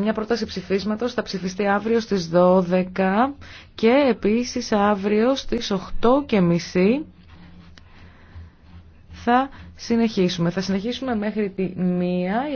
μια πρόταση ψηφίσματος θα ψηφιστεί αύριο στι 12 και επίση αύριο στις 8.30 θα συνεχίσουμε. Θα συνεχίσουμε μέχρι τη μία.